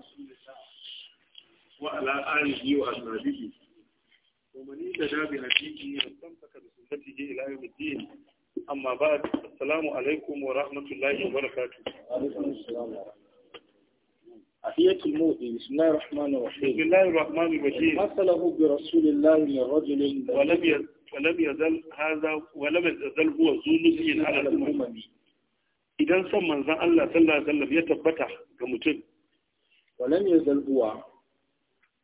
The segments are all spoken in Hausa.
رسول الله وعلى آله وأصحابه ومن اهتدى بهديه واستمسك بسنته إلى يوم الدين أما بعد السلام عليكم ورحمة الله وبركاته وعليكم السلام أحية المؤذي بسم الله الرحمن الرحيم بسم الله الرحمن الرحيم مثله برسول الله من رجل ولم يزل ولم يزل هذا ولم يزل هو ذو نسي على الأمم إذا سمى الله صلى الله عليه وسلم يتبتح كمتب walam ya zalbuwa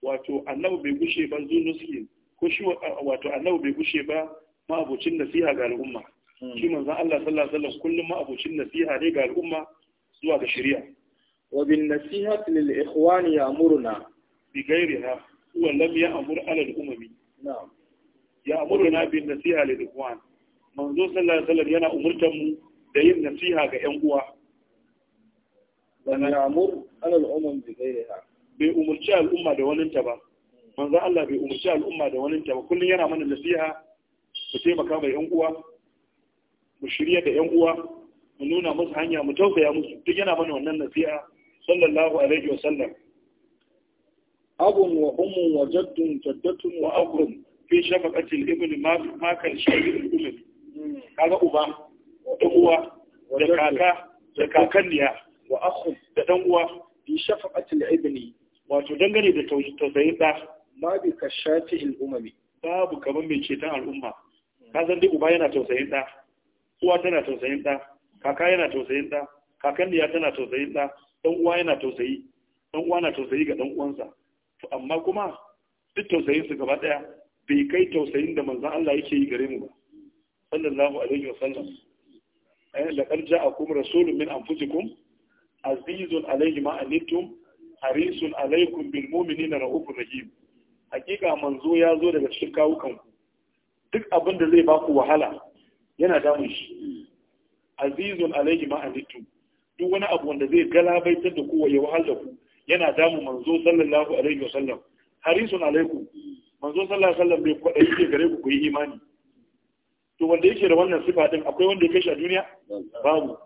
wato annabi bai gushe ba zunuski ko shi wato annabi bai gushe ba ma'abocin nasiha ga al'umma hmm. shi manzon Allah sallallahu alaihi wasallam kullum ma'abocin nasiha ne ga al'umma zuwa ga shari'a wa bin nasihati lil ikhwani ya'muruna bi ghairiha huwa lam ya'mur ala al-umami na'am ya'muruna bin nasiha lil ikhwan manzo sallallahu alaihi wasallam yana umurtan mu da yin nasiha ga yan uwa wani ramur alal umar ba manzo Allah bai umarci al'umma da waninta ba kullum yana mana nasiha mu taimaka mai yan uwa mu shirya da yan uwa mu nuna musu hanya mu tausaya musu duk yana mana wannan nasiha sallallahu alaihi wa sallam abun wa ummun wa jaddun jaddatun wa kaga uba da uwa da dan uwa bi al ibni wato dangane da tausayin da ma bi kashati al umami babu kaman mai ceton al'umma ka zan dai uba yana tausayin da uwa tana tausayin da kaka yana tausayin da kakanniya tana tausayin da dan uwa yana tausayi dan uwa na tausayi ga dan uwansa to amma kuma duk tausayin su gaba daya bai kai tausayin da manzon Allah yake yi gare mu ba sallallahu alaihi wasallam laqad ja'akum rasulun min anfusikum azizun alaihi ma anittum harisun alaikum bil mu'minina raufur rahim hakika manzo ya zo daga cikin kawukan ku duk abin da zai baku wahala yana damun shi azizun alaihi ma anittum duk wani abu wanda zai galabaitar da ku ya wahal da ku yana damun manzo sallallahu alaihi wasallam harisun alaikum manzo sallallahu alaihi wasallam bai kwaɗayi yake gare ku ku yi imani to wanda yake da wannan sifa din akwai wanda ya kai shi a duniya babu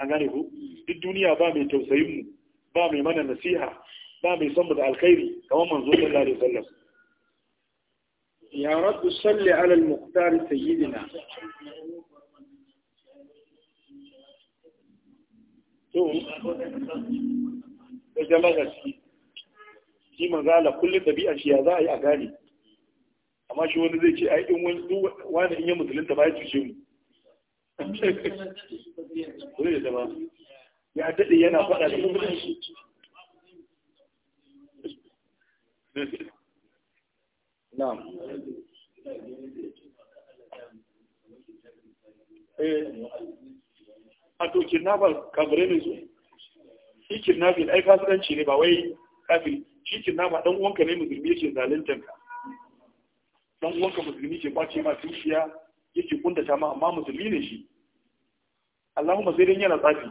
an gane ku duk duniya ba mai tausayin mu ba mai mana nasiha ba mai son mu da alkhairi kamar manzo sallallahu alaihi wasallam ya rabbi salli ala al-muqtar sayyidina to da jama'a shi shi magana kullum dabi'a shi ya za a yi a gane amma shi wani zai ce ai in wani wani in ya musulunta ba ya cuce mu ya daɗe yana faɗa da musulunci na'am a to kidnapper kabure ne su shi kidnapping ai kasuwanci ne ba wai kafin shi kidnapper ɗan uwanka ne musulmi yake zaluntanka ɗan uwanka musulmi ke kwace ma yake kuntata ma amma musulmi ne shi Allahumma sai dan yana tsafi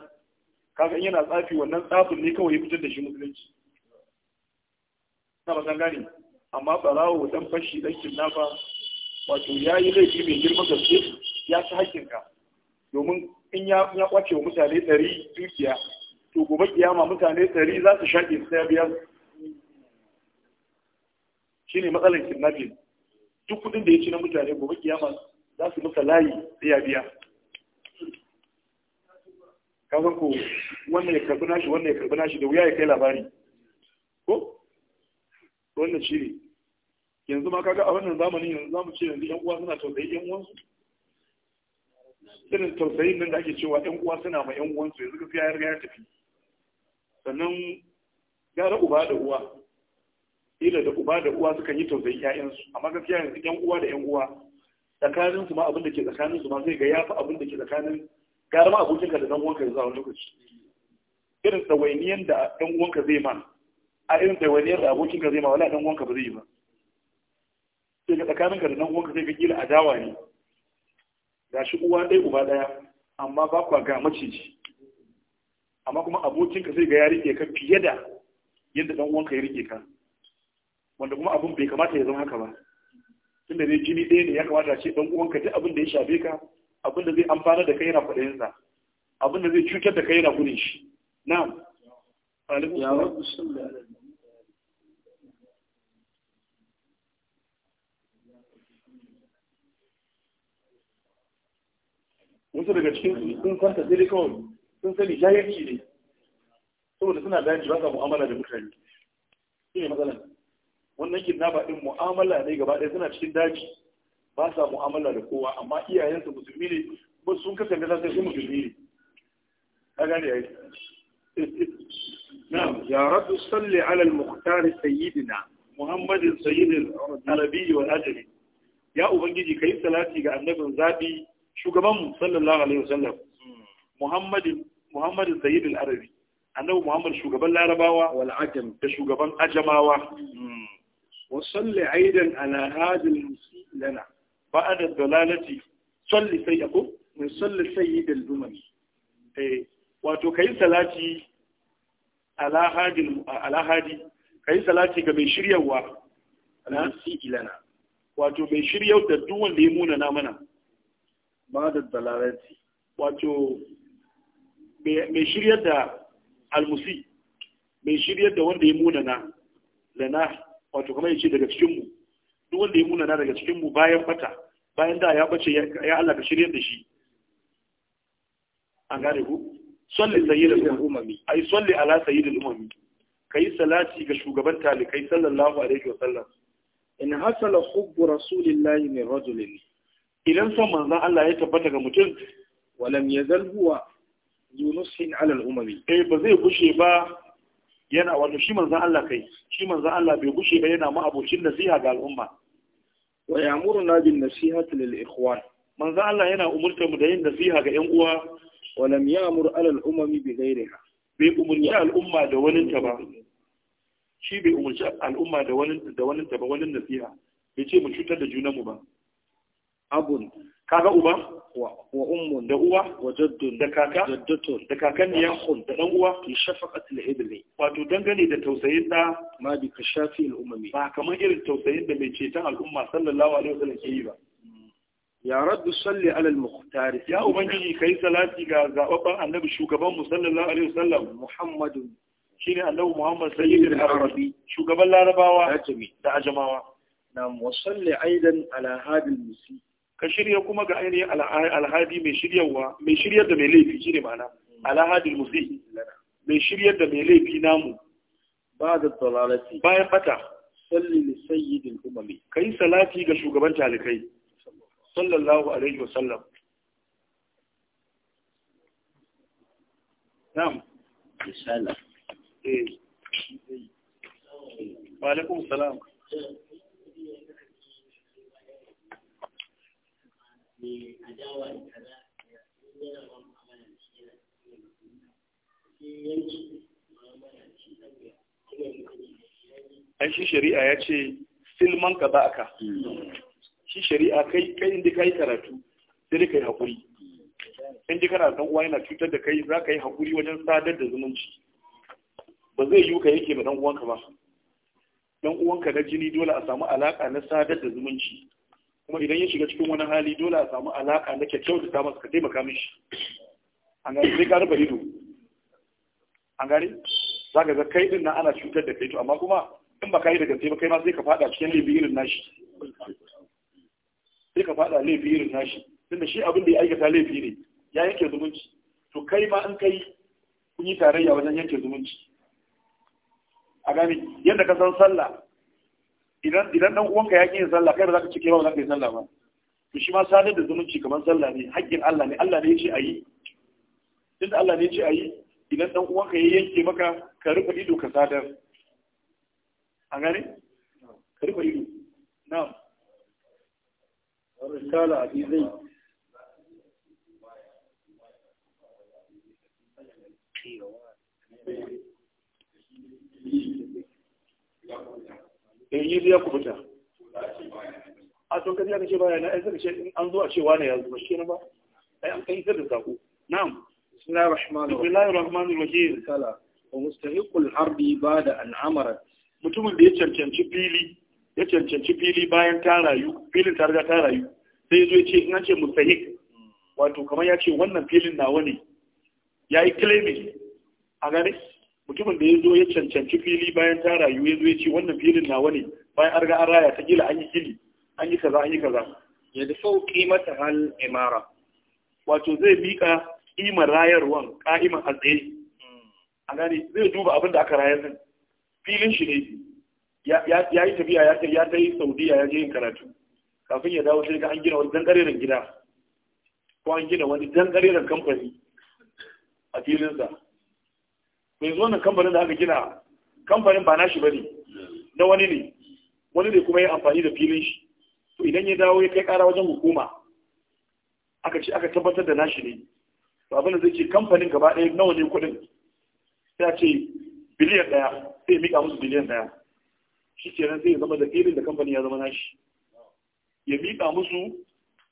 kaga in yana tsafi wannan tsafin ne kawai ya fitar da shi musulunci na ba san gane amma barawo dan fashi dan kinnafa wato yayi laifi mai girman gaske ya ci hakkinka domin in ya ya kwace wa mutane ɗari dukiya to gobe kiyama mutane ɗari za su shaƙe su sai biya shine matsalar kidnapping duk kudin da ya ci na mutane gobe kiyama za su masa layi biya biya kasan ko wannan ya karbi nashi wannan ya karbi nashi da wuya ya kai labari ko wannan shi ne yanzu ma kaga a wannan zamanin yanzu zamu ce yanzu yan uwa suna tausayi yan uwansu irin tausayin nan da ake cewa yan uwa suna ma yan uwansu yanzu gaskiya ya riga ya tafi sannan gara uba da uwa ila da uba da uwa sukan yi tausayi ƴaƴansu amma gaskiya yanzu yan uwa da yan uwa tsakanin su ma abin da ke tsakanin su ma zai ga ya fi abin da ke tsakanin gara ma abokinka da dan uwanka ya zuwa lokaci irin tsawainiyar da dan uwanka zai ma a irin tsawainiyar da abokinka zai ma wala dan uwanka ba zai yi ba sai ga tsakaninka da dan uwanka zai ga kila adawa ne ga shi uwa ɗaya uba ɗaya amma ba kwa ga maciji amma kuma abokinka zai ga ya rike ka fiye da yadda dan uwanka ya rike ka wanda kuma abun bai kamata ya zama haka ba tunda dai jini ɗaya ne ya kamata ce dan uwanka duk abin da ya shafe ka abin da zai amfana da kai yana kwaɗayin sa abin da zai cutar da kai yana gudun shi na'am ya wasu daga cikin sun kwanta sai kawai sun sani jahilci ne saboda suna daji ba sa mu'amala da mutane shi ne matsalar wannan kidnapper din mu'amala ne gaba ɗaya suna cikin daji ba sa mu'amala da kowa amma iyayensa musulmi ne ba sun kasance za su musulmi ne ka gane yayi na'am ya rabu salli ala al-mukhtar sayyidina muhammadin sayyidil arabi wal ajami ya ubangiji kai salati ga annabin zabi Shugaban sallallahu alaihi wasallam muhammadin muhammadin Sayyidin arabi annabi muhammad shugaban larabawa wal ajam da shugaban ajamawa hmm. وصل عيدا على هذا المسيء لنا بعد الضلالة صل سيئكم من صل سيد الأمم wato ka yi salati alahadi ka yi salati ga mai shiryawa na ilana wato mai shiryar da duwan da ya muna na mana ba da dalarati wato mai shiryar da almusi mai shiryar da wanda ya muna na lana wato kamar yace daga cikin mu duk wanda ya na daga cikin mu bayan fata, bayan da ya bace ya Allah ka shirye da shi an gare ku salli al umami ai salli ala al umami kai salati ga shugaban talikai sallallahu alaihi wa sallam in hasala hubbu rasulillahi min rajulin idan son manzon Allah ya tabbata ga mutum walam yazal huwa yunus ala al umami eh ba zai kushe ba yana wato shi manzan Allah kai shi manzan Allah bai gushe ba yana ma'abocin nasiha ga al'umma wa ya'muruna bin nasihati lil ikhwan manzan Allah yana umurtar mu da yin nasiha ga ƴan uwa wa lam ya'mur ala al umami bi ghayriha bai umurci al'umma da wani ta ba shi bai umurci al'umma da wani da wani ta ba wani nasiha bai ce mu cutar da junanmu ba abun kaga uba wa ummun da uwa wa jaddun da kaka jaddatun da kakanniyan hun da dan uwa fi shafaqati al-ibli wato dangane da tausayin da ma bi kashafi al-ummi ba kamar irin tausayin da mai ceton al'umma sallallahu alaihi wasallam ke yi ba ya rabbi salli ala al-mukhtar ya ubangiji kai salati ga zababban annabi shugaban mu sallallahu alaihi wa wasallam muhammadun shine annabi muhammad sayyidul arabi shugaban larabawa da ajamawa na musalli aidan ala hadil musi ka shirya kuma ga ainihin alhadi mai shiryarwa mai shiryar da mai laifi shine ma'ana alhadi musi mai shiryar da mai laifi namu ba da tsalalati bayan bata salli li sayyidil umami kai salati ga shugaban talikai sallallahu alaihi wasallam na'am insha Allah eh wa alaikum salam mai adawa shi yana yanki ai shi shari'a ya ce silman ka ba ka shi shari'a kai kai inda yi karatu sai yi hakuri in ji kana san uwa yana cutar da kai za ka yi hakuri wajen sadar da zumunci ba zai yi ka yake ba ɗan uwanka ba Ɗan uwanka na jini dole a samu alaƙa na sadar da zumunci kuma idan ya shiga cikin wani hali dole a samu alaka na kyakkyau da masa suka taimaka mishi an gari sai ka rufe ido an gari za ka ga kai din nan ana cutar da kai to amma kuma in ba ka yi da gaske ba kai ma sai ka fada cikin laifi irin nashi sai ka fada laifi irin nashi tunda shi abin da ya aikata laifi ne ya yanke zumunci to kai ma in kai kun yi tarayya wajen yanke zumunci a gani yadda ka san sallah idan dan uwanka ya yin sallah kai ba za ka cike ba ba za ka yi sallah ba to shi ma sadar da zumunci kamar sallah ne haƙƙin Allah ne Allah ne ya ce ayi tunda Allah ne ya ce ayi idan dan uwanka ya yanke maka ka rufe ido ka sadar A gane ka rufe ido na risala abi zai Thank you. in eh, yi ya kubuta a sun kaji aka ce baya na aizar ce an zuwa cewa ne yanzu ba shi ba ai an kai da sako na'am bismillahir rahmanir rahim bismillahir rahmanir rahim kala wa mustahiqul ardi ba'da an mutumin da ya cancanci fili ya cancanci fili bayan ta rayu filin ta riga ta rayu sai zo ya ce in an ce mustahiq wato kamar ya ce wannan filin nawa ne yayi claiming a gane mutumin da ya zo ya cancanci fili bayan ta rayu ya zo ya ce wannan filin nawa ne bayan an an raya ta gila an yi gili an yi kaza an yi kaza ya da sau kimata hal imara wato zai miƙa kimar rayarwan ka'iman a tsaye a gane zai duba abin da aka rayar din filin shi ne ya yi tafiya ya kai ya ta yi saudiya ya je yin karatu kafin ya dawo sai ga an gina wani dangareren gida ko an gina wani dangareren kamfani a filinsa mai zo na kamfanin da aka gina kamfanin ba nashi ba ne na wani ne wani ne kuma ya amfani da filin shi to idan ya dawo ya kai kara wajen hukuma aka ce aka tabbatar da nashi ne to abin da zai ce kamfanin gaba ɗaya nawa ne kuɗin sai a ce biliyan ɗaya sai ya miƙa musu biliyan ɗaya shi kenan sai ya zama da filin da kamfanin ya zama nashi ya miƙa musu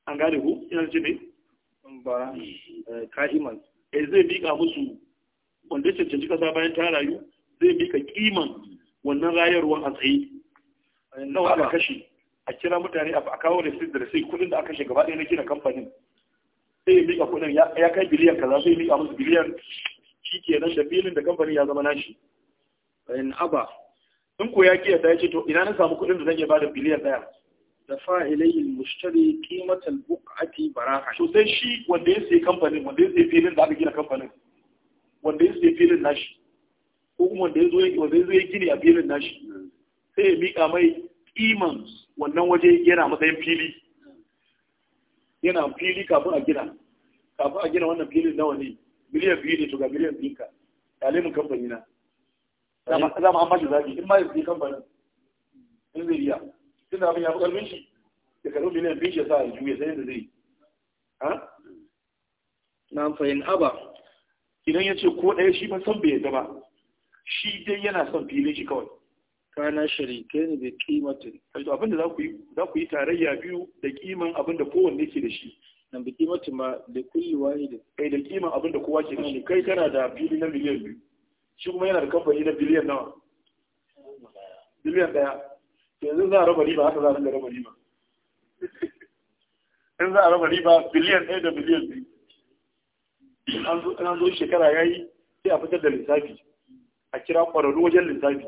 an gane ku ina ce ne eh, ka'iman eh, zai mika musu wanda ya cancanci kasa bayan ta rayu zai ka kiman wannan rayarwa a tsaye nawa aka kashe a kira mutane a kawo da sai da sai kudin da aka kashe gaba ɗaya na gina kamfanin sai mika kudin ya kai biliyan kaza sai mika musu biliyan shi ke nan da filin da kamfanin ya zama nashi Bayan aba in ko ya kiyata ya ce to ina na samu kudin da zan iya bada biliyan ɗaya dafa ilayhi mushtari kimatan buq'ati baraha to sai shi wanda ya sayi kamfanin wanda ya sai filin da aka gina kamfanin wanda ya sai filin nashi ko kuma wanda ya zo ya gini a filin nashi sai ya miƙa mai iman wannan waje yana matsayin fili yana fili kafin a gina kafin a gina wannan filin nawa ne miliyan biyu ne to ga miliyan biyu ka ɗalibin kamfani na za mu an bashi zaɓi in ma ya zai kamfanin in zai iya tun da abin ya fi ƙarfin shi ya karɓi miliyan biyu ya sa a juya sai da zai ha na fahimta aba idan ya ce ko ɗaya shi ba san bai yadda ba shi dai yana son filin shi kawai kana sharikai ne da kimatin wato abin da za ku yi tarayya biyu da kiman abin da kowanne ke da shi nan da kimatin ma da kulli da kai da kiman abin da kowa ke da shi kai kana da fili na miliyan biyu shi kuma yana da kamfani na biliyan nawa biliyan daya yanzu za a raba riba haka za a raba riba in za a raba riba biliyan ɗaya da biliyan biyu an zo shekara ya yi sai a fitar da lissafi a kira ƙwararru wajen lissafi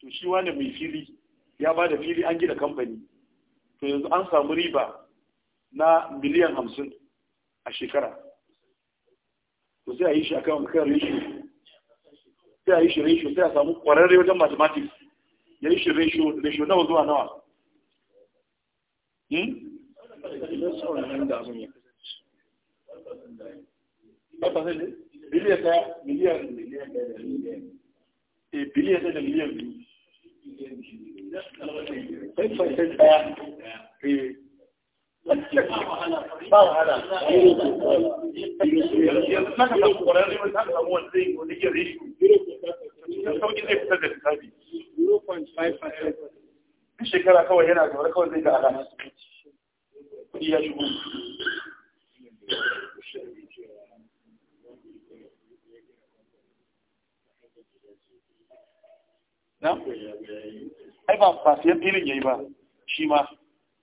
to shi wani mai fili ya ba da fili an gina kamfani to yanzu an samu riba na miliyan hamsin a shekara to sai a yi shi a kan ratio sai a yi shi ratio sai a samu ƙwararre wajen mathematics ya yi shi ratio ratio nawa zuwa nawa hmm? 5% ne? Biliyan Ba wahala. shekara kawai yana zaune kawai zai ga alamu. ya shigo. ai ba ba siyan filin yayi ba shi ma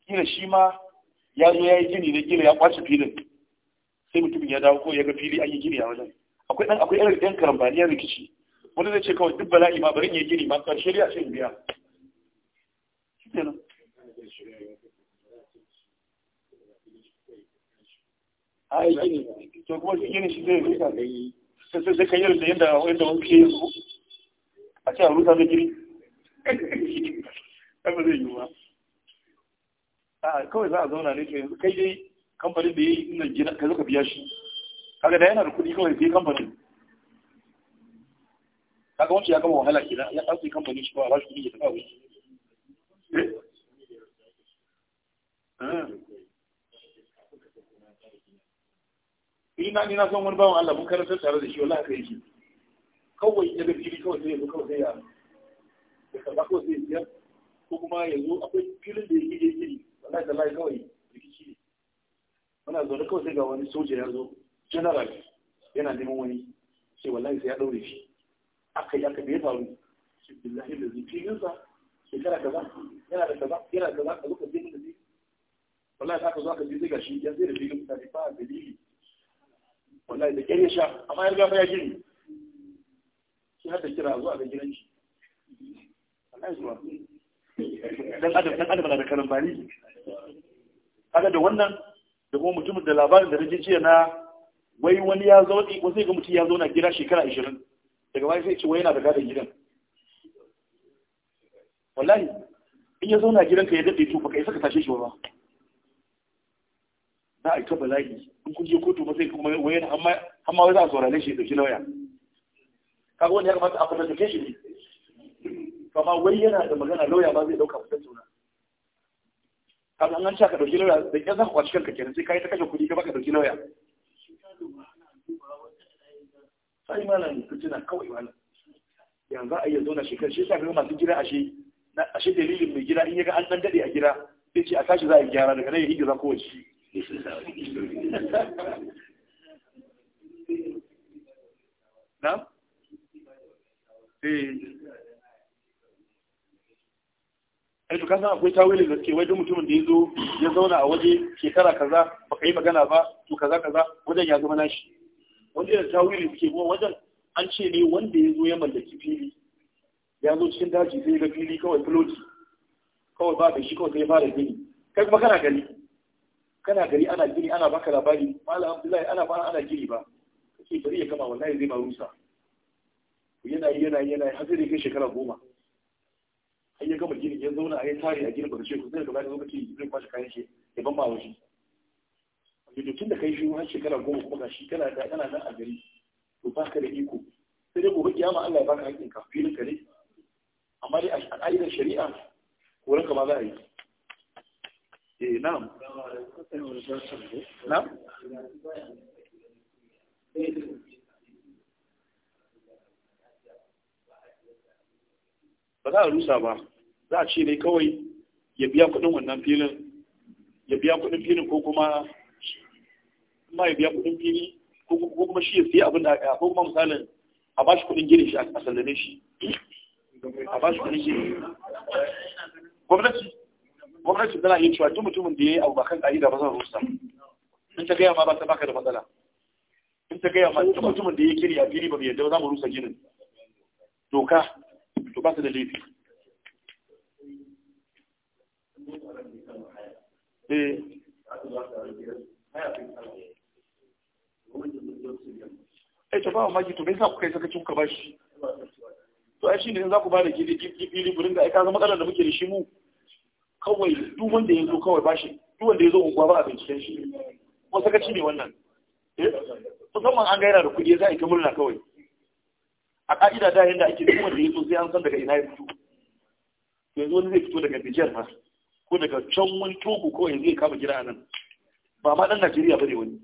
kila shi ma ya zo ya yi gini ne kila ya kwace filin sai mutum ya dawo ko ya ga fili an yi gini a wajen akwai dan akwai irin ɗan karambaniyar rikici wani zai ce kawai duk bala'i ma bari yi gini ma karshe ya sai in biya ai gini to kuma gini shi zai yi sai sai kai irin da yanda wanda wani ke a ce a rusa da giri ba zai yi ba a kawai za a zauna ne yanzu kai dai kamfanin da ya yi gina ka biya shi kaga da yana da kuɗi kawai sai kamfanin kaga wancan ya gama wahala ya a ba shi kuɗi ya taɓa eh? eh. wuce ina son wani bawan Allah mun karanta tare da shi wallahi kai kawai ya ga fili kawai sai ya zo kawai sai ya ya karba kawai sai ya siyar ko kuma ya zo akwai filin da ya gidi ya yi, wallahi da lai kawai rikici ne muna zaune kawai sai ga wani soja ya zo general yana neman wani sai wallahi sai ya ɗaure shi aka yi aka bai faru shi billahi da zai filin sa shekara kaza yana da kaza yana da kaza ka zo mun da shi wallahi za ka zo aka je ga shi ya zai da filin mutane ba dalili wallahi da ƙyar ya sha amma ya riga ba ya gini ya da kira zuwa ga gidan shi wallahi zuwa dan adam dan adam na da karambani kaga da wannan da kuma mutumin da labarin da nake jiya na wai wani ya zo wasu ga mutum ya zo na gida shekara 20 daga baya sai ce wai yana da gadon gidan wallahi in ya zauna gidan ka ya daɗe to baka isa ka tashe shi ba za a yi ta bala'i in kun je kotu ba sai kuma wayan amma wai za a saurare shi ya ɗauki lauya kaga wani ya kamata a fatattake shi ne kama wai yana da magana lauya ba zai dauka fitar suna kaga an ci ka dauki lauya da kyan ka kwaci cikin kenan sai kai ta kashe kuɗi ka baka dauki lauya sai malam fitina kawai malam yanzu a iya zauna shekaru shi sa kaga masu gida ashe ashe dalilin mai gida in ya ga an dan dade a gida sai ce a tashi za a yi gyara daga nan ya hijira kowace na Eh. eh to kasan akwai tawilin da suke wajen mutumin da ya zo ya zauna a waje shekara kaza ba ka yi magana ba to kaza kaza wajen ya zama nashi wajen da tawilin suke kuma wajen an ce ne wanda ya zo ya mallaki fili ya zo cikin daji sai ga fili kawai filoti kawai ba da shi kawai sai fara gini kai kuma kana gari kana gari ana gini ana baka labari malam abdullahi ana fara ana gini ba kace bari ya kama wallahi zai ba rusa yana yi yana yi yana yi har ke kai shekara goma An yi gama gini ya zauna a yi tare a gini ba da shekaru gaba da bayan lokaci zai kwashe kayan shi ya ban ba wa shi da tun da kai shi har shekara goma kuma ga shi kana da kana nan a gari to ba ka da iko sai dai gobe kiyama Allah ya baka hakkin ka filin ka ne amma dai a ƙa'idar shari'a koran ka ma za a yi eh na'am na'am ba za a rusa ba za a ce ne kawai ya biya kuɗin wannan filin ya biya kuɗin filin ko kuma ma ya biya kuɗin fili ko kuma shi ya siya abin da ko kuma misalin a ba shi kuɗin gini shi a sallame shi a ba shi kuɗin gini gwamnati gwamnati tana yi cewa duk mutumin da ya yi abu ba kan ƙa'ida ba zan rusa in ta gaya ma ba ta baka da matsala in ta gaya ma duk mutumin da ya kiri a fili ba mai yadda ba za mu rusa ginin doka to ba su da laifi eh eh to ba maki to me yasa kuka yi sakaci kuka bashi to ai shine in za ku ba da gidi gidi burin da ai zama matsalar da muke da shi mu kawai duk wanda ya zo kawai bashi duk wanda ya zo unguwa ba a binciken shi ko sakaci ne wannan eh musamman an gaira da kuɗi za a yi ta murna kawai a ka'ida da yadda ake kuma da ya zo sai an san daga ina ya fito yanzu wani zai fito daga Nijar ma ko daga can wani Togo ko yanzu ya kama gida nan ba ma dan Najeriya bane wani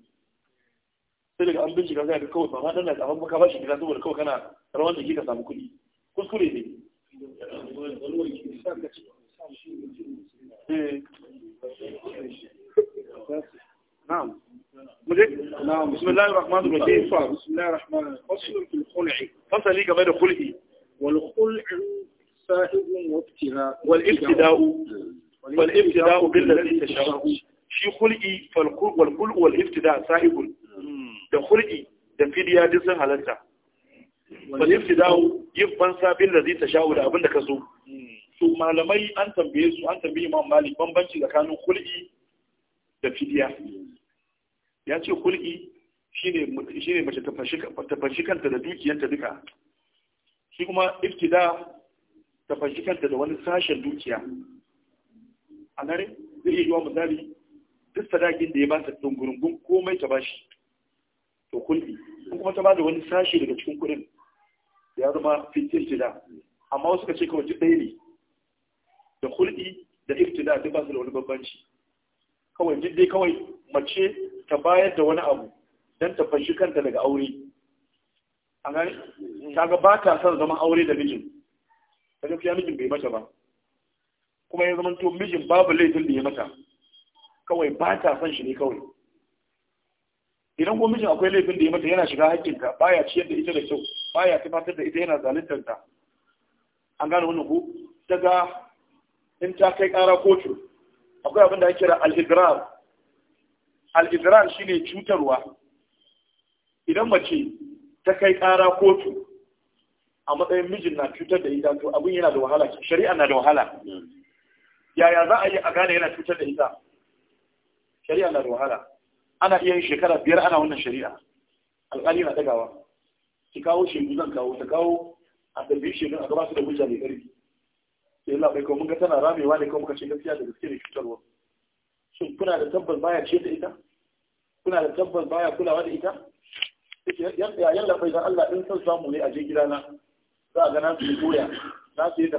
sai daga an bincika zai ga kawai ba ma dan Najeriya amma ka ba shi gida saboda kawai kana rawar da ka samu kuɗi kuskure ne eh. na'am بسم الله الرحمن الرحيم بسم الله الرحمن الرحيم فصل في الخلع فصل كما ده خلعي والخلع سائغ وابتغاء والابتداء والابتداء بالذي تشاء shi hulki walkul wal'iftida sa'ibul da hulki da fidiya duk sun halatta wal'iftida yin bansa bin zai da abinda ka su malamai an tambaye su an tambaye imam malik bambanci tsakanin hulki da fidiya ya ce kul'i ne mace tafashi kanta da dukiyanta duka shi kuma iftida da fanshi kanta da wani sashen dukiya a nare zai iya yiwa misali duk sadakin da ya ba ta dungurungun komai ta bashi to kul'i kuma ta ba da wani sashi daga cikin kudin ya zama fitil tida amma wasu ka ce kawai duk ɗaya ne da kul'i da iftida duk ba su da wani babbanci kawai duk kawai mace ta bayar da wani abu don ta fashi kanta daga aure a gani ta ga ba ta son zaman aure da mijin ta gaskiya mijin bai mata ba kuma ya zama to mijin babu laifin da ya mata kawai ba ta son shi ne kawai idan ko mijin akwai laifin da ya mata yana shiga ba ya ciyar da ita da kyau ba baya fatar da ita yana zaluntar ta an gane wannan ku, daga in ta kai ƙara kotu akwai abin da ake kira al-igrar al shi ne cutarwa idan mace ta kai ƙara kotu a matsayin mijin na cutar da ita to abin yana da wahala shari'a na da wahala yaya za a yi a gane yana cutar da ita shari'a na da wahala ana iya yin shekara biyar ana wannan shari'a alƙali na ɗagawa ki kawo shekaru zan kawo ta kawo a tafi shekaru a gaba su da hujja mai ƙarfi sai labarai, bai mun ga tana ramewa ne kuma muka ce gaskiya da gaske ne cutarwa shin kuna da tabbas baya ciyar da ita kuna da tabbas baya kulawa da ita yayin da Allah din san samu ne a je na, za a ga na su doya na su yi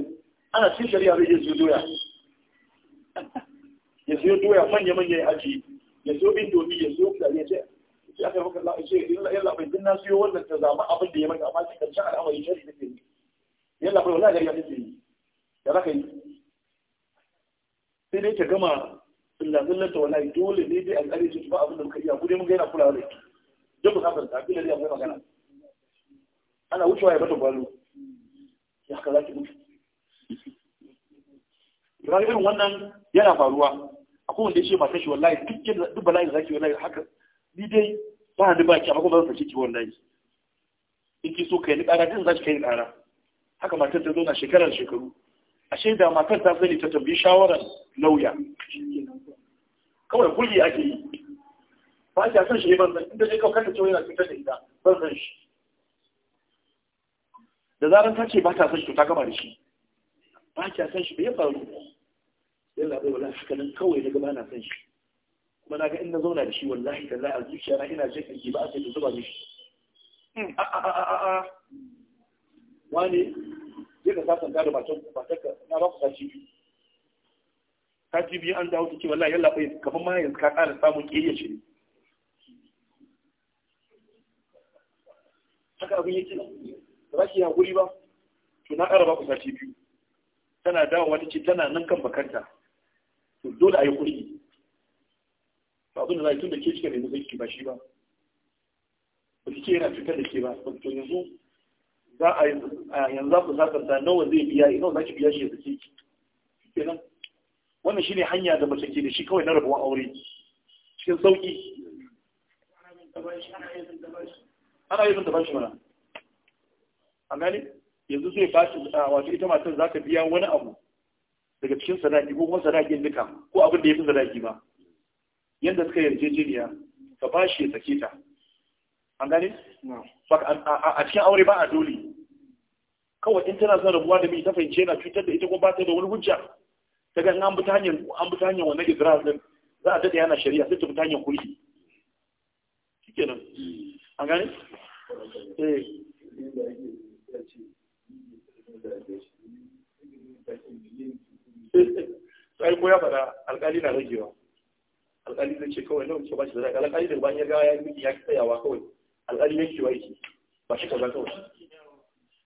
ana cin shari'a zai iya su doya ya siyo doya manya-manya ya ajiye ya siyo indomi ya siyo kudade ya ce aka maka ya ce yan labai din na siyo wannan ta zama abin da ya maka amma cikin can al'amari shari da ke yi yan labai wala gari ya nufi da za ka yi sai dai ta gama illa millata wallahi dole ne dai alƙari ce ba abin da muka iya ku mun ga yana kulawa da ita duk ku safar ta kila dai akwai magana ana wucewa ya bata gwalo ya haka za ki mutu kamar irin wannan yana faruwa akwai wanda ya ce matan shi wallahi duk yadda duk bala'in zaki wallahi haka ni dai ba ni ba ki amma ba zan sake ki wallahi in ki so kai ni ƙara din za ki kai ni ƙara haka matar ta zauna shekarar shekaru ashe da matar ta sani ta tambayi shawarar nauya kawai kulli ake yi ba a san shi ne ban san inda je kawai kanta cewa yana cutar da ita ban san shi da zaran ta ce ba ta san shi to ta gama da shi ba ki san shi bai faru ba. bai wala haka nan kawai daga ba na san shi kuma na ga in na zauna da shi wallahi da za a zuciya na ina jin ke ba a sai da zuba mishi hmm, a wani zai ka sasanta da matan ka na ba ku sashi sati biyu an dawo ta ce wallahi yalla bai kafin ma yanzu ka kara samun ƙiyayya ce haka abin yake ba shi ya haƙuri ba to na ƙara ba ku sati biyu tana dawowa ta ce tana nan kan bakanta to dole a yi ƙuri ba abin da za a yi tun da ke cika da yanzu ba shi ba ba ke yana fitar da ke ba to yanzu za a yanzu za ku sakanta nawa zai biya nawa za ki biya shi ya ke kenan wannan shine hanya da mace ke da shi kawai na rabuwar aure cikin sauki ana yin da bashi mana a gani yanzu zai bashi wato ita matan za ta biya wani abu daga cikin sadaki ko kuma sadakin duka ko abin da ya fi sadaki ba yadda suka jiniya ka bashi ya sake ta A gani a cikin aure ba a dole kawai in tana son rabuwa da mai ta fahimce na cutar da ita ko ba ta da wani hujja kaga an bi ta hanyar an bi ta hanyar wannan idrar din za a dade yana shari'a sai ta bi ta hanyar kulli shikenan an gane eh sai eh, ko ya fada alƙali na ragewa alƙali zai ce kawai nawa ce ba shi da alƙali da bayan ya ga ya miki ya tsayawa kawai alƙali ne ki ba shi ba shi kaza kawai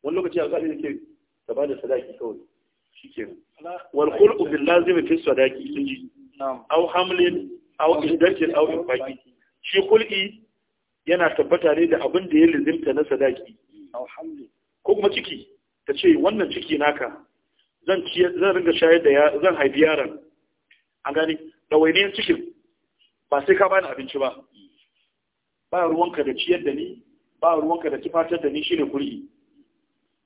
wani lokaci alƙali yake gaba da sadaki kawai shikenan wal khulqu bil lazim fi sadaqi inji aw hamlin aw indakin aw shi khulqi yana tabbata ne da abin da ya lizimta na sadaki ko kuma ciki ta ce wannan ciki naka zan zan ringa shayar da zan haifi yaron an gani ɗawainiyar cikin ba sai ka bani abinci ba ba ruwanka da ciyar da ni ba ruwanka da tufatar da ni shine kuri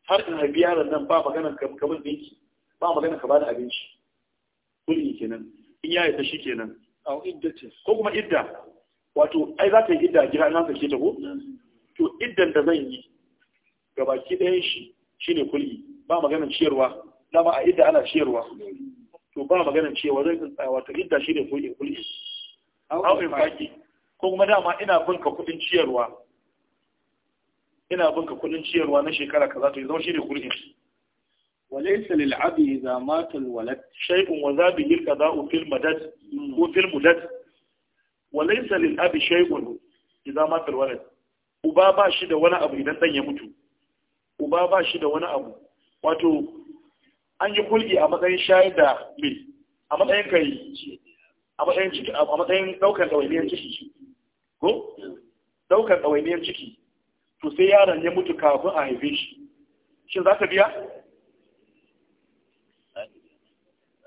har in haifi yaron nan ba maganar kamar dinki ba magana ka bani abinci kulli kenan in ya yata shi kenan aw ce ko kuma idda wato ai za ta yi idda jira na sake ta ko to iddan da zan yi gabaki ɗayan shi shine kulli ba magana ciyarwa dama a idda ana ciyarwa to ba magana ciyarwa zai wato idda shine kulli kulli aw infaki ko kuma dama ina bin ka kudin ciyarwa ina bin ka kudin ciyarwa na shekara kaza to yanzu shine kulli وليس للعبد إذا مات الولد شيء وذابه القضاء في المدد وفي المدد وليس للأب شيء إذا مات الولد uba ba da wani abu idan dan ya mutu uba ba da wani abu wato an yi kulki a matsayin shayar da mai a matsayin kai a ciki a matsayin daukar ciki ko yaron ya mutu kafin a haife shi shin za ka biya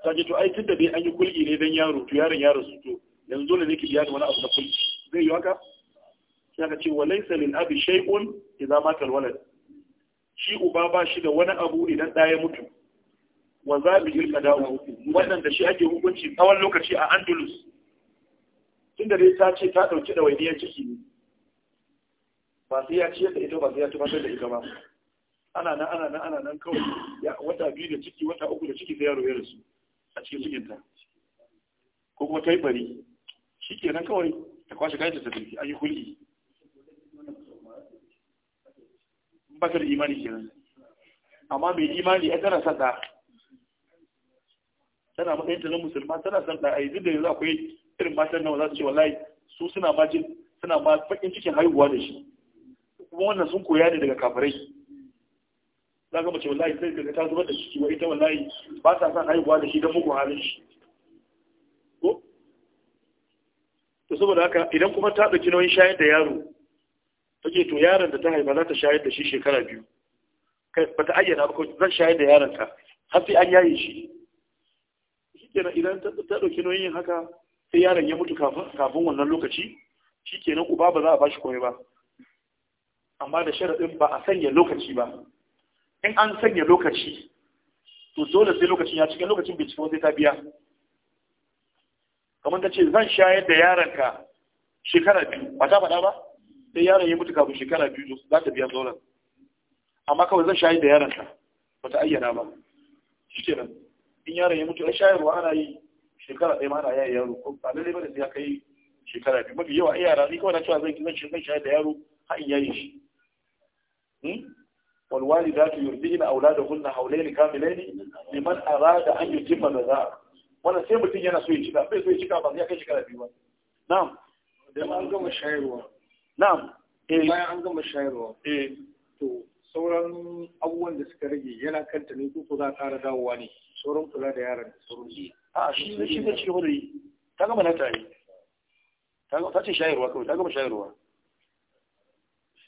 ta to ai tunda dai an yi kulki ne dan yaro to yaron yaro su to yanzu dole ne ki biya da wani abu na kulki zai yi haka sai ka ce wa laysa lil abi shay'un idza mata al walad shi uba ba shi da wani abu idan da ya mutu wa zabihil qada'u wannan da shi ake hukunci tsawon lokaci a Andalus tunda dai ta ce ta dauki da waidiyar ciki ne ba sai ya ciyar da ita ba sai ya tumatar da ita ba ana nan ana nan ana nan kawai wata biyu da ciki wata uku da ciki sai yaro ya rasu a cikin cikinta ko kuma ta yi bari shi kenan kawai ta kwashe kayan ta tafi an yi hulɗi ba ta da imani kenan amma mai imani ya tana sata tana tana matsayinta na musulma tana son da a yanzu da yanzu akwai irin matan nawa za su ce wallahi su suna ma suna ma baƙin cikin haihuwa da shi kuma wannan sun koya ne daga kafirai za ka mace wallahi sai ka ta zubar da ciki wa ita wallahi ba ta san haihuwa da shi don muku halin shi ko to saboda haka idan kuma ta ɗauki nauyin shayar da yaro take to yaron da ta haifa za ta shayar da shi shekara biyu kai ba ta ayyana ba ko zan shayar da yaron ka har sai an yaye shi shikenan idan ta ɗauki nauyin haka sai yaron ya mutu kafin wannan lokaci shikenan uba ba za a bashi komai ba amma da sharaɗin ba a sanya lokaci ba in an sanya lokaci to dole sai lokacin ya cikin lokacin bai cikin sai ta biya kamar ta ce zan shayar da ka shekara biyu ba ta faɗa ba sai yaron ya mutu kafin shekara biyu za ta biya sauran amma kawai zan shayar da ka ba ta ayyana ba shi ke in yaron ya mutu na shayarwa ana yi shekara ɗaya ma ana yaya yaro ko ba lallai ba da ya kai shekara biyu mafi yawa yara ni kawai na cewa zan zan shayar da yaro har in yaye shi hmm? والوالدات يرضين أولادهن حولين كاملين لمن أراد أن يتم الرضاعة wannan sai mutum yana so ya cika bai so ya cika ba sai kai shekara biyu ba na'am da an gama shayarwa na'am eh bayan an gama shayarwa eh to sauran abubuwan da suka rage yana kanta ne ko za a ƙara dawowa ne sauran kula da yaran da sauran shi ne shi ne cikin wani ta gama na tare ta ce shayarwa kawai ta gama shayarwa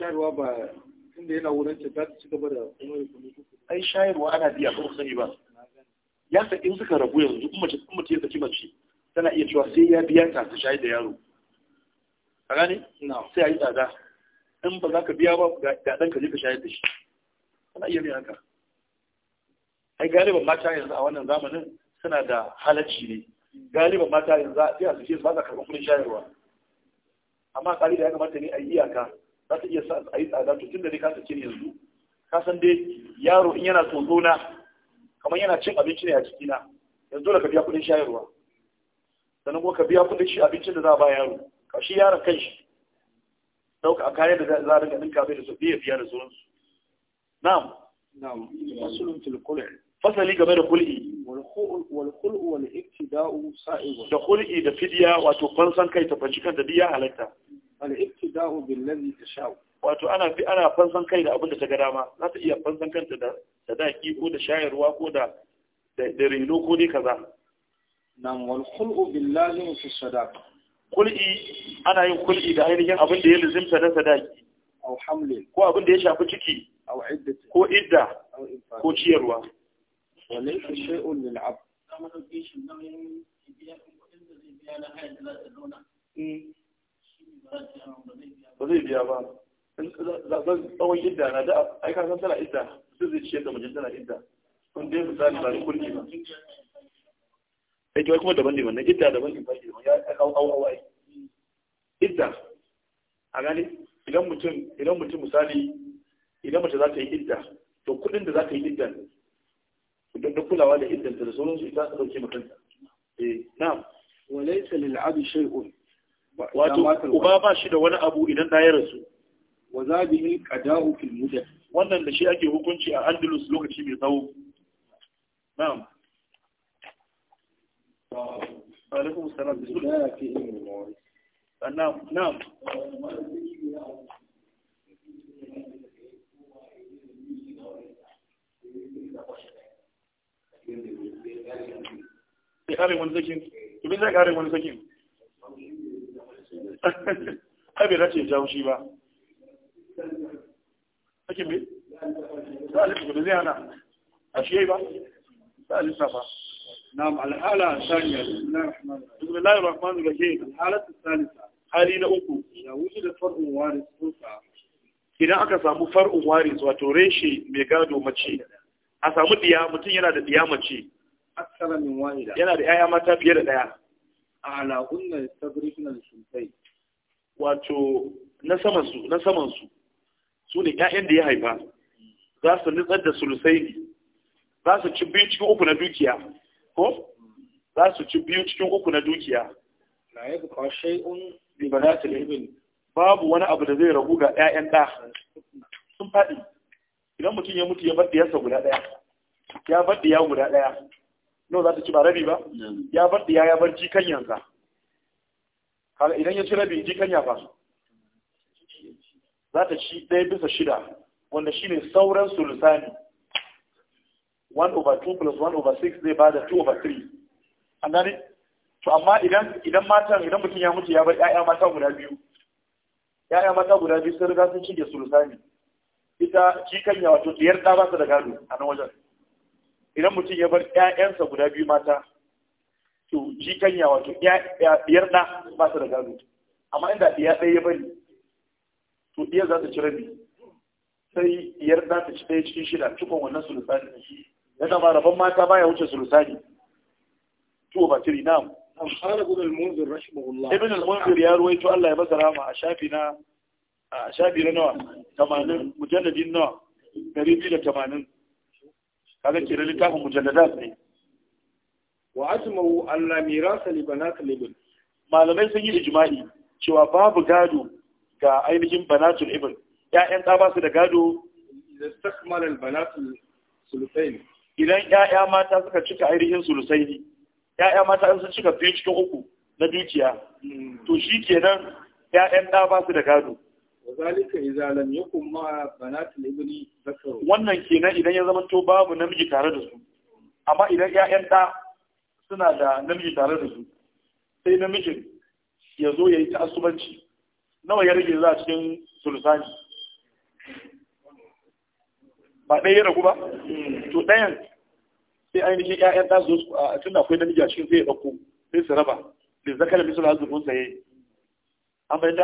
shayarwa ba tunda yana wurin ta za ta ci gaba da kuma da kuma ai shayarwa ana biya ko sani ba ya sa in suka rabu yanzu in mace kuma mace ya saki mace tana iya cewa sai ya biya ta ta shayar da yaro a gane sai a yi tsada in ba za ka biya ba ga ɗan ka je ka shayar da shi ana iya biya haka ai galiban mata yanzu a wannan zamanin suna da halacci ne galiban mata yanzu sai a suke ba za karɓi kuɗin shayarwa amma tsari da ya kamata ne a yi iyaka za ta iya sa a yi tsada to tun da dai ka sace ni yanzu ka san dai yaro in yana tsotso na kamar yana cin abinci ne a ciki na yanzu dole ka biya kuɗin shayarwa sannan kuma ka biya kuɗin shi abincin da za a ba yaro ka shi yaron kan shi ɗauka a kayan da za a rinka ɗin bai da su biya biya da sauransu na'am na'am fasulun tilkulin fasali game da kul'i walkul'u wal iktida'u sa'ibun da kul'i da fidiya wato fansan kai ta kan da biya halatta al-ibtida'u billazi tasha'u wato ana bi ana fansan kai da abin da ta ga dama za ta iya fansan kanta da sadaki ko da shayarwa ko da da reno ko dai kaza nan wal khulqu billahi fi sadaq kul'i ana yin kul'i da ainihin abin da ya lazimta da sadaki aw hamli ko abin da ya shafi ciki aw idda. ko idda ko ciyarwa walaysa shay'un lil abd ba zai biya ba zaɓen tsawon idda na da aika san tana idda su zai ciyar da mace tana idda sun dai misali ba da kulki ba aiki kuma daban ne wannan idda daban ne ba ke ya kawo kawo hawa idda a gani idan mutum idan mutum misali idan mace za ta yi idda to kuɗin da za ta yi idda don da kulawa da iddanta da sauransu ita ta ɗauke mutunta eh na'am walaysa lil abi shay'un wato uba ba shi da wani abu idan da ya rasu wa zabihi qada'u fil mudda wannan da shi ake hukunci a Andalus lokaci mai tsawo na'am alaikum salam bismillah na'am na'am ya kare wani sakin zai ƙarin wani sakin ai bai dace jawo shi ba ake me za a lissafa da zai hana a shi yai ba za a lissafa نعم الحالة الثانية بسم الله الرحمن الرحيم بسم الله الرحمن الرحيم الحالة الثالثة hali na uku ya wuce da far'un waris tusa idan aka samu far'un waris wato reshe mai gado mace a samu diya mutum yana da diya mace yana da yaya mata fiye da daya ala unna tabrikna sultai wato na saman su na saman su su ne ƴaƴan da ya haifa za su nutsar da ne. za su ci biyu cikin uku na dukiya ko za su ci biyu cikin uku na dukiya la yabqa shay'un li banatil ibn babu wani abu da zai ragu ga ƴaƴan ɗa sun faɗi idan mutum ya mutu ya bar diyarsa guda ɗaya ya bar diya guda ɗaya no za ta ci ba rabi ba ya bar da ya bar jikan yanka kaga idan ya ci rabi jikan ya fa za ta ci ɗaya bisa shida wanda shine sauran sulusani 1 over 2 plus 1 over 6 zai ba da 2 over 3 an gani to amma idan idan matan idan mutum ya mutu ya bar ya'ya mata guda biyu ya'ya mata guda biyu sun riga sun cinye sulusani ita jikan ya wato diyar ta ba su da gado a nan wajen idan mutum ya bar ƴaƴansa guda biyu mata to jikanya wato ɗiyar ɗa ba su da gado amma inda ɗiya ɗaya ya bari to ɗiyar za ta ci rabi sai ɗiyar za ta ci ɗaya cikin shida cikon wannan sulusani ya zama rabon mata baya wuce sulusani tuwo ba tiri na ibn al-munzir ya ruwaito Allah ya masa rama a shafi na a shafi na nawa 80 mujalladin nawa 280 kaga ke da littafin mujalladat ne wa ajma'u alla mirasa li banat libn malamai sun yi ijma'i cewa babu gado ga ainihin banatul ibn ya'yan ta ba su da gado istakmala al banatul sulusaini idan ya'ya mata suka cika ainihin sulusaini ya'ya mata sun cika biyu cikin uku na dukiya hmm. to shi kenan ya'yan ta ba su da gado wazalika idza lam yakun ma banatul ibni zakaru wannan kenan idan ya zama to babu namiji tare da su amma idan ƴaƴan ɗa suna da namiji tare da su sai namijin ya zo ya yi ta'assubanci nawa ya rage za a cikin sulusani ba ɗaya ya ragu ba to ɗayan sai ainihin ƴaƴan ɗa su a tunda akwai namiji a cikin sai ya ɗauko sai su raba da zakar misal azumin sa yi an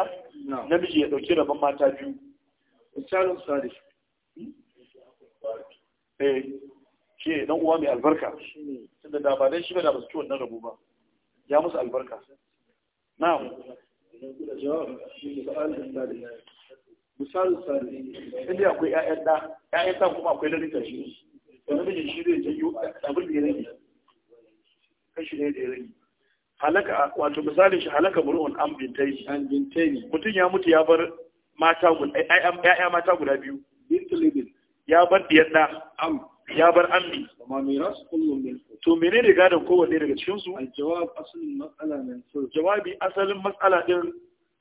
namiji ya dauki rabon mata biyu misalin sari eh shi dan uwa mai albarka tunda da ba dan shi ba da ba su ci wannan rabo ba ya musu albarka na'am misalin sari inda akwai 'ya'yan da 'ya'yan da kuma akwai lalita shi namiji shi zai janyo abin da ya rage kashi ne da ya rage halaka wato misalin shi halaka mur'un an bintaini an mutum ya mutu ya bar mata guda ya mata guda biyu ya bar diyar da am ya bar ammi amma miras kullum min to menene gadon kowanne daga cikin su aljawab asalin mas'ala ne so jawabi asalin mas'ala din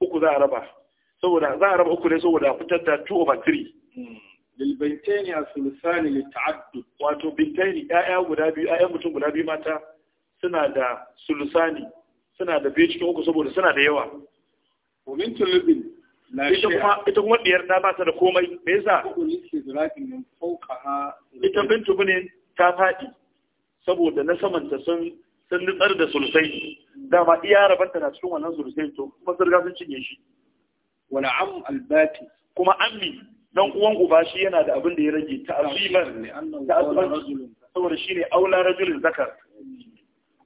uku za a raba saboda za a raba uku ne saboda fitar da 2 over 3 hmm. lil bintaini asulusan lit ta'addud wato bintaini ya'ya guda biyu ya'ya mutum guda biyu mata suna da sulusani suna da biyu cikin uku saboda suna da yawa ومن تلبين ita kuma ita kuma diyar ta ba ta da komai me yasa ita bin bune ta fadi saboda na samanta sun sun nutsar da sulusai dama iya rabanta na cikin wannan sulusai to kuma sun riga sun cinye shi Wani am albati kuma ammi dan uwan uba shi yana da abin da ya rage ta asibar saboda ne aula rajulin zakar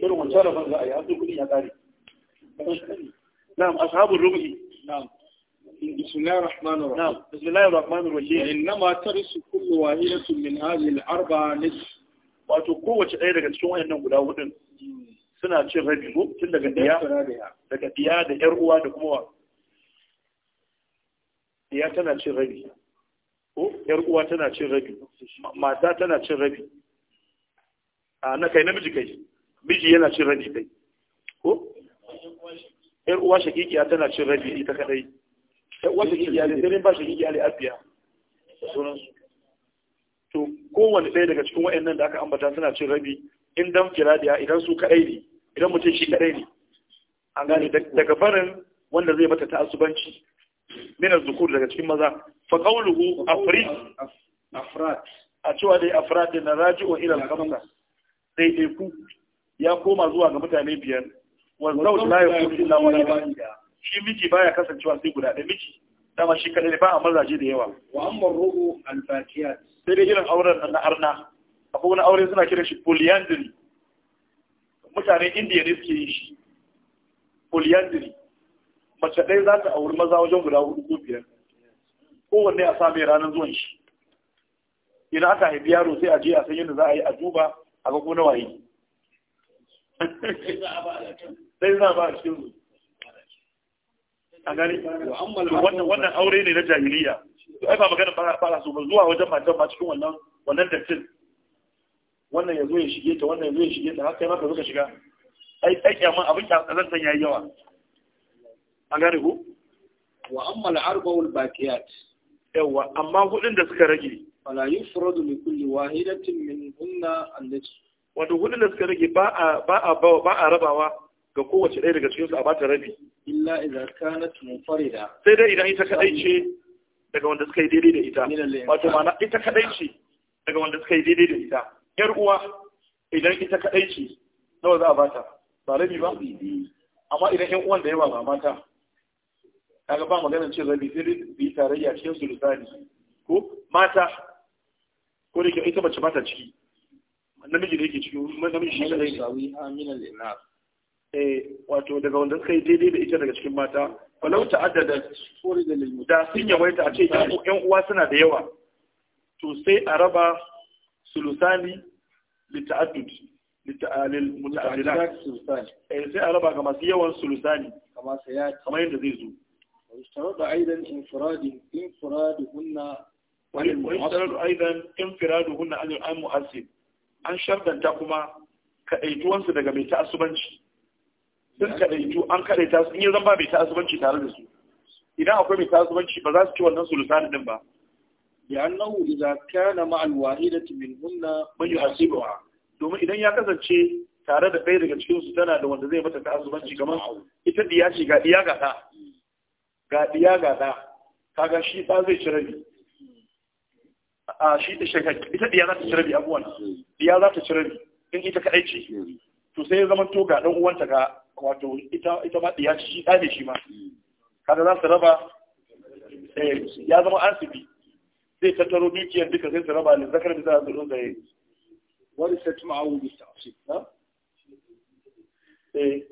irin wancan rabon za a yi a hasu kudin ya kare na'am ashabul rubi na'am بسم الله الرحمن الرحيم نعم بسم الله الرحمن الرحيم إنما ترس كل واحدة من هذه الأربعة نصف wato kowace ɗaya daga cikin wayannan guda hudun suna cin rabi ko tun daga diya daga diya da yar uwa da kuma wa diya tana cin rabi ko yar uwa tana cin rabi mata tana cin rabi na kai namiji kai miji yana cin rabi kai ko yar uwa shakikiya tana cin rabi ita kadai yar uwa shakikiya ne sai ba shakikiya ne afiya da sauransu to kowane ɗaya daga cikin wayannan da aka ambata suna cin rabi in dan kiradiya idan su kadai ne idan mutum shi kadai ne an gane daga barin wanda zai mata ta'assubanci minar zukur daga cikin maza fa qawluhu afrid afrad a cewa dai afrad na raji'u ila al qamsa ku. ya koma zuwa ga mutane biyar wanzau la ya kuma illa wani ba shi miji baya kasancewa sai guda ɗaya miji dama shi kadai ba a mazaje da yawa wa amma rubu alfakiyat sai dai irin auren na arna akwai wani aure suna kiran shi polyandry mutanen indiya ne suke yi shi polyandry mace ɗaya za ta auri maza wajen guda hudu ko biyar kowanne a sami ranar zuwan shi Ina aka haifi yaro sai a je a san yadda za a yi a duba a ga kuna waye sai za a ba a cikin su a gani wannan wannan aure ne na jahiliya ai ba magana fara su ba zuwa wajen matan ma cikin wannan wannan dattin wannan ya ya shige ta wannan ya ya shige ta haka maka zuka shiga ai ai kyaman abin da zan sanya yawa A gani ku wa amma al-arba'u al yawa amma hudun da suka rage fala yufradu li kulli wahidatin min hunna allati wato hudun da suka rage ba a ba ba a rabawa ga kowace ɗaya daga cikinsu a bata rabi illa idza kanat munfarida sai dai idan ita kadai ce daga wanda suka yi daidai da ita wato ma'ana ita kadai ce daga wanda suka yi daidai da ita yar uwa idan ita kadai ce nawa za a bata ba rabi ba amma idan yan uwan da yawa ba mata kaga ba maganar ce rabi sai dai bi tarayya cikin su ko mata ko da ita mace ba ta ciki namiji da yake ciki namiji shi kadai ne eh wato daga wanda suka yi daidai da ita daga cikin mata walau ta'addada da sun yawaita a ce yan uwa suna da yawa to sai a raba sulusani lita'addud ah, mutaaddidat eh sai a raba ga masu yawan sulusani kamar yadda zai zo ويشترط أيضا انفراد انفرادهن ويشترط أيضا انفرادهن عن الآن مؤسب an shardanta kuma kaɗaituwansu daga mai ta'asubanci sun kadaitu an kadaita su in yi zamba mai ta'asubanci tare da su idan akwai mai ta'asubanci ba za su ci wannan su sulusani din ba ya annahu idza kana ma alwahidati min hunna man yuhasibuha domin idan ya kasance tare da ɗaya daga cikin su tana da wanda zai mata ta'asubanci kamar ita diya ce ga diya ga ɗa ga diya ga ɗa kaga shi ɗa zai ci rabi a shi da shekari ita diya za ta ci rabi abuwan diya za ta ci rabi in ita kaɗai ce to sai ya zama to ga ɗan uwanta ga wato ita ma diya ci shi ɗane shi ma kada za su raba eh, ya zama asibi zai tattaro dukiyar duka zai su raba ne zakar da za a zuru da ya yi wani sai tuma awu da ta ce na eh.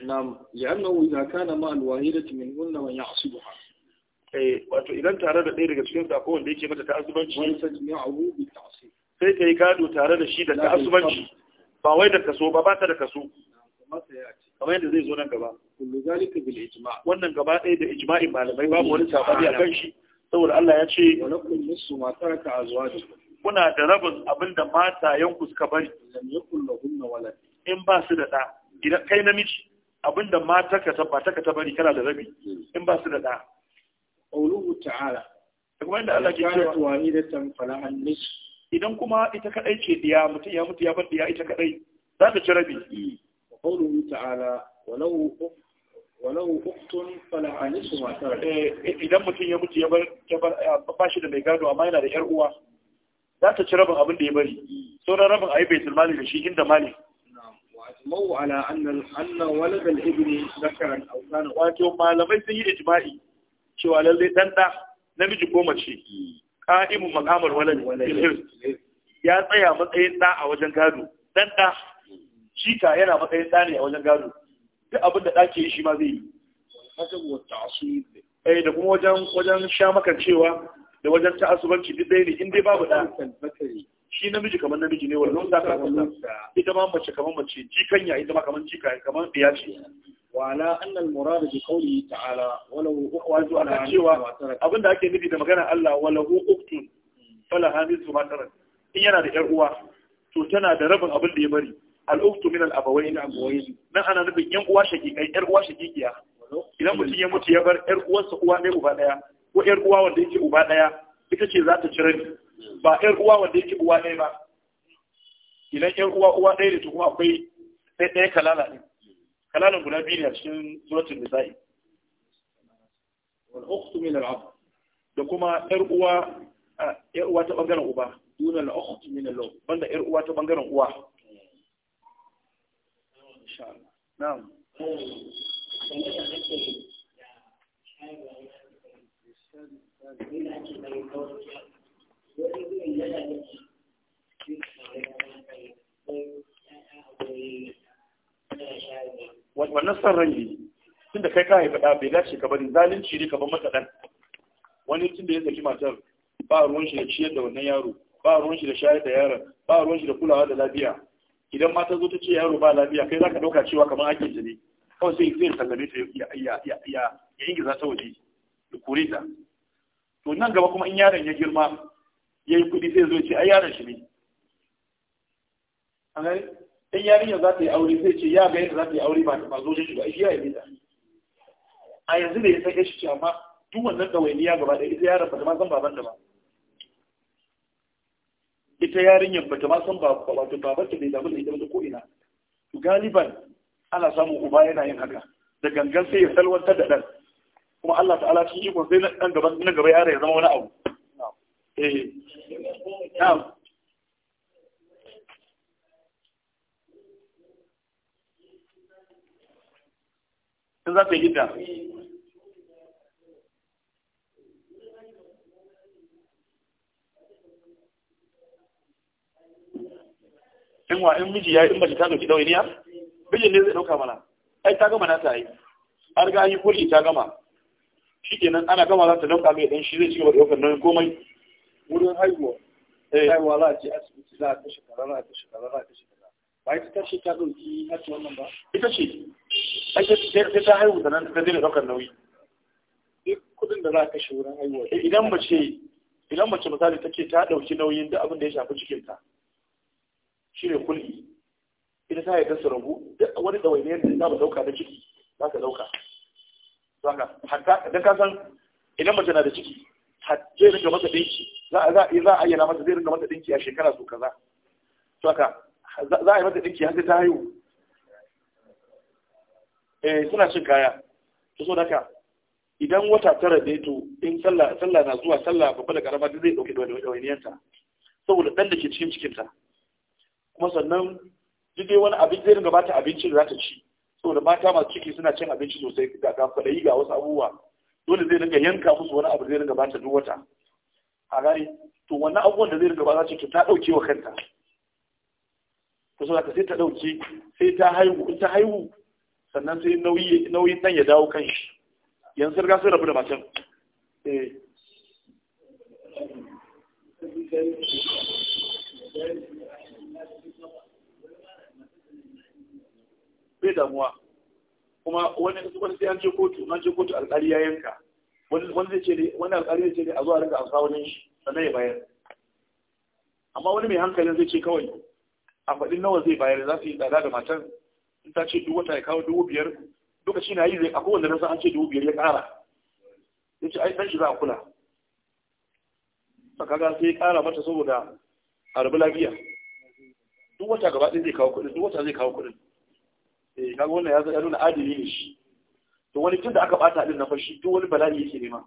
na ya annahu na kana ma timin wannan hunna man ya'sibuha Eh, wato idan tare da ɗaya daga cikin sako wanda yake mata ta'azubanci sai ta yi gado tare da shi da ta'azubanci ba wai da kaso ba ba ta da kaso kamar yadda zai zo nan gaba wannan gaba ɗaya da ijma'in malamai babu wani sabani a kan shi saboda Allah ya ce kuna da rabin abin da mata ku suka bari in ba su da ɗa idan kai namiji abin da mata ka ta bari kana da rabi hmm. in ba su da ɗa qawluhu ta'ala kuma da Allah ke cewa wahidatan falahan nis idan kuma ita kadai ce diya mutum ya mutu ya bar diya ita kadai za ta ci rabi qawluhu ta'ala walau walau fala falahan nis ma idan mutum ya mutu ya bar ba shi da mai gado amma yana da yar uwa za ta ci rabin abin da ya bari sauran rabin ayi baitul mali da shi inda mali mau ala annal anna walad al ibni zakaran aw kana wato malamai sun yi ijma'i cewa lallai dan da namiji ko mace qa'imun maqamul walad ya tsaya matsayin da a wajen gado dan da shika yana matsayin da ne a wajen gado duk abin da dake yi shi ma zai yi eh da kuma wajen wajen sha makan cewa da wajen asubanci duk dai ne in dai babu da shi namiji kamar namiji ne wannan sa kamar sa ita ma mace kamar mace jikanya ita ma kamar jika kamar biya ce wala annal murad bi qawli ta'ala walau ukhwatu ala cewa abinda ake nufi da magana Allah walahu uktun fala hamizu ma tarat in yana da yar uwa to tana da rabin abin da ya bari al uktu min al abawayn abawayn nan ana nufin yan uwa shakikai yar uwa shakikiya idan mutum ya mutu ya bar yar uwarsa uwa ɗaya uba ɗaya ko yar uwa wanda yake uba ɗaya ita ce za ta ci rabi ba ƴan uwa wanda yake uwa ɗaya ba idan ƴan uwa uwa ɗaya ne to kuma akwai ɗaya ɗaya kalala ne. kalalan guda biyu ne a cikin suratul nisa'i wal ukhtu min al da kuma ƴar uwa ƴar uwa ta bangaren uba duna al ukhtu min al banda ƴar uwa ta bangaren uwa insha Allah na'am Thank you. wannan son rangi tun da kai ka haifa ɗa bai dace ka bari zalunci ne ka bar masa ɗan wani tun da ya saki matar ba ruwan shi da ciyar da wannan yaro ba ruwan shi da shayar da yaron ba ruwan shi da kulawa da lafiya idan mata zo ta ce yaro ba lafiya kai za ka ɗauka cewa kamar ake ji ne kawai sai zai sallame ta ya ya ya ingiza ta waje Ya kore ta to nan gaba kuma in yaron ya girma ya yi kuɗi sai zo ce ai yaron shi ne a gani in yarinya za ta yi aure sai ce ya ga yadda za ta yi aure ba zo shi ba shi ya yi a yanzu da ya san shi ce amma duk wannan ɗawainiya gaba ɗaya ita yaron ba ta ma san baban da ba ita yarinyar ba ta ma san baba wato baban ta bai damu da ita ba ko ina to galiban ana samun uba yana yin haka da gangan sai ya salwantar da ɗan kuma Allah ta'ala shi ikon sai na gaba na ya zama wani abu eh na'am in yi gida in in miji ya yi in ta dauki ɗawainiya mijin ne zai ɗauka mana ai ta gama na ta yi har ga kuli ta gama shi kenan ana gama za ta dauka mai ɗan shi zai ci gaba da ɗaukar nauyin komai wurin haihuwa eh. haihuwa za a je asibiti za a kashe kaza za a kashe kaza za a kashe kaza ba ita ta ta ɗauki haci wannan ba ita ce sai ta haihu sannan ta daina ɗaukar nauyi duk kuɗin da za a kashe wurin haihuwa eh, idan mace idan mace misali ta ce ta ɗauki nauyin da abin da ya shafi cikinta shi ne kulli ita ta haifar su rabu duk wani ɗawainiyar da za mu ɗauka da ciki za ka ɗauka don ka san idan mace na da ciki ta je daga masa ɗinki za a za a ayyana mata zai ringa mata dinki a shekara su kaza saka za a yi mata dinki har sai ta haihu eh suna cin kaya to so daka idan wata tara ne to in sallah sallah na zuwa sallah babba da karama zai dauke da wani saboda dan da ke cikin cikinta kuma sannan duk dai wani abin zai ringa bata abinci da za ta ci saboda mata masu ciki suna cin abinci sosai ga ga yi ga wasu abubuwa dole zai ringa yanka musu wani abu zai ringa bata duk wata a gane to wannan abubuwan da zai riga ba za ce to ta ɗauke wa kanta Ta so ta sai ta ɗauke sai ta haihu in ta haihu sannan sai nauyi nauyin ɗan ya dawo kan shi yanzu riga sun rabu da macen eh bai damuwa kuma wani wani sai an ce kotu an je kotu alƙali ya yanka wani zai ce ne wani alƙali zai ce ne a zuwa rinka amsa wani shi sannan ya bayar amma wani mai hankalin zai ce kawai a faɗin nawa zai bayar za su yi tsada da matan in ta ce duwata ya kawo dubu biyar lokaci na yi zai a wanda nasa an ce dubu biyar ya ƙara ya ce ai ɗan shi za a kula kaga sai ya ƙara mata saboda a rabu lafiya duk wata gaba ɗaya zai kawo kuɗin duk wata zai kawo kuɗin eh kaga wannan ya nuna adili ne shi to wani tun da aka bata din na fashi duk wani bala'i yake nema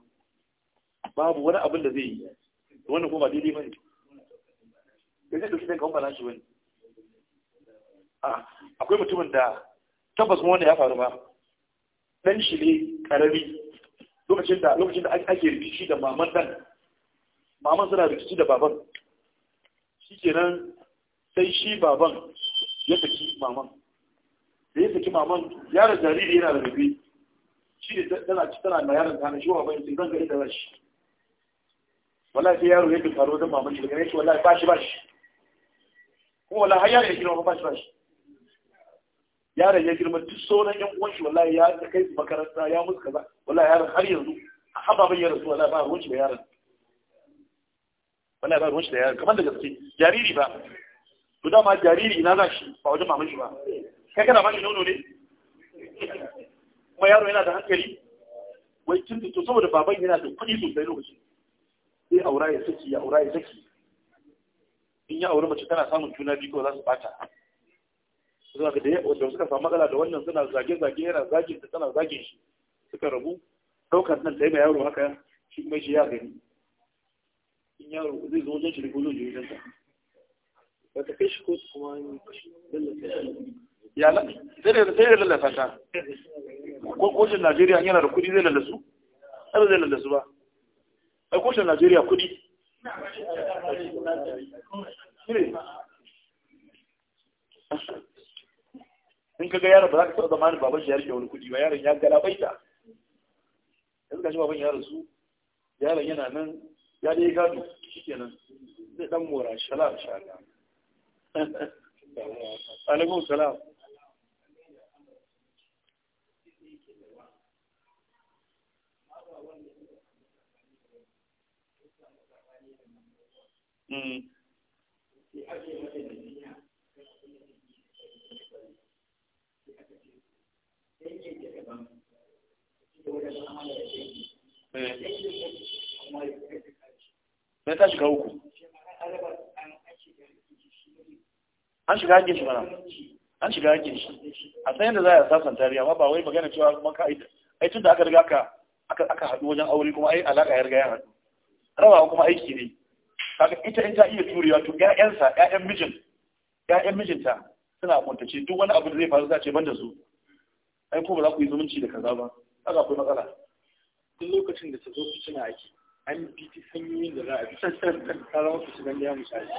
babu wani abin da zai yi wannan kuma ba daidai bane da zai dauki kanka bala shi bane akwai mutumin da tabbas mu wanda ya faru ba dan shi ne karami lokacin da lokacin da ake rikici da maman dan maman suna rikici da baban shikenan sai shi baban ya saki maman da ya saki maman yaron jariri yana da rubi shi ne tana ci tana na yaron tana shi wa bayan sai zan ga ita rashi wallahi sai yaro ya tunkaro da maman shi daga ne shi wallahi bashi bashi kuma wallahi har yaro ya girma ba bashi bashi Yaro ya girma duk sauran yan uwan shi wallahi ya kai su makaranta ya musu kaza wallahi yaron har yanzu a haba ban yaron su wallahi ba ruwan shi da yaron wallahi ba ruwan shi da yaron kamar da gaske jariri ba to dama jariri ina za shi ba wajen mamaci ba kai kana ba shi nono ne kuma yaro yana da hankali wai tun da to saboda baban yana da kuɗi sosai lokaci? sai aura ya saki ya aura ya saki in ya aure mace tana samun juna biyu ko za su bata zuwa ga da wanda suka samu matsala da wannan suna zage-zage yana zage ta tana zagin shi suka rabu daukar nan da ya yaro haka shi kuma shi ya gani in yaro zai zo wajen shi da ko zo jirgin sa ba ta kai shi ko kuma ya yi kashi ya la sai da sai da lallasa ta ko Najeriya yana da kudi zai lallasu sai zai lallasu ba ai koshin Najeriya kudi in ka ga yaron ba za ka taɓa zamanin baban shi ya rike wani kuɗi ba yaron ya Ya yanzu gashi baban yaron su yaron yana nan ya dai gado shikenan zai dan mora shala shala alaikum salam sai eh. eh. ta shiga uku an shiga hakin shi mana an shiga hakin shi a san yadda za a sasan tariya amma ba wai magana cewa maka ai tun da aka riga aka aka haɗu wajen aure kuma ai alaƙa ya riga ya haɗu rawa kuma aiki ne kaga ita in ta iya jurewa to ƴaƴansa ƴaƴan mijin ƴaƴan mijinta suna kuntace duk wani abu da zai faru za ce ban su ai ko ba za ku yi zumunci da kaza ba kaga akwai matsala duk lokacin da ta zo ku cina aiki an bi ta hanyoyin da za a bi ta zama su ci ya misali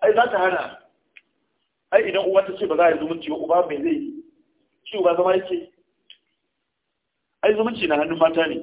ai za ta hana ai idan uwa ta ce ba za a yi zumunci ba uba mai zai yi shi uba zama yake ai zumunci na hannun mata ne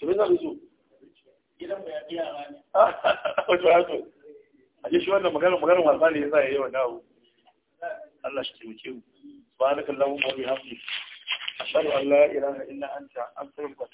to me za mu zo gidan mu ya yara a ji shi wannan magana magana wasa ne yasa yayi wannan abu Allah shi taimake mu subhanakallahumma an la ilaha illa anta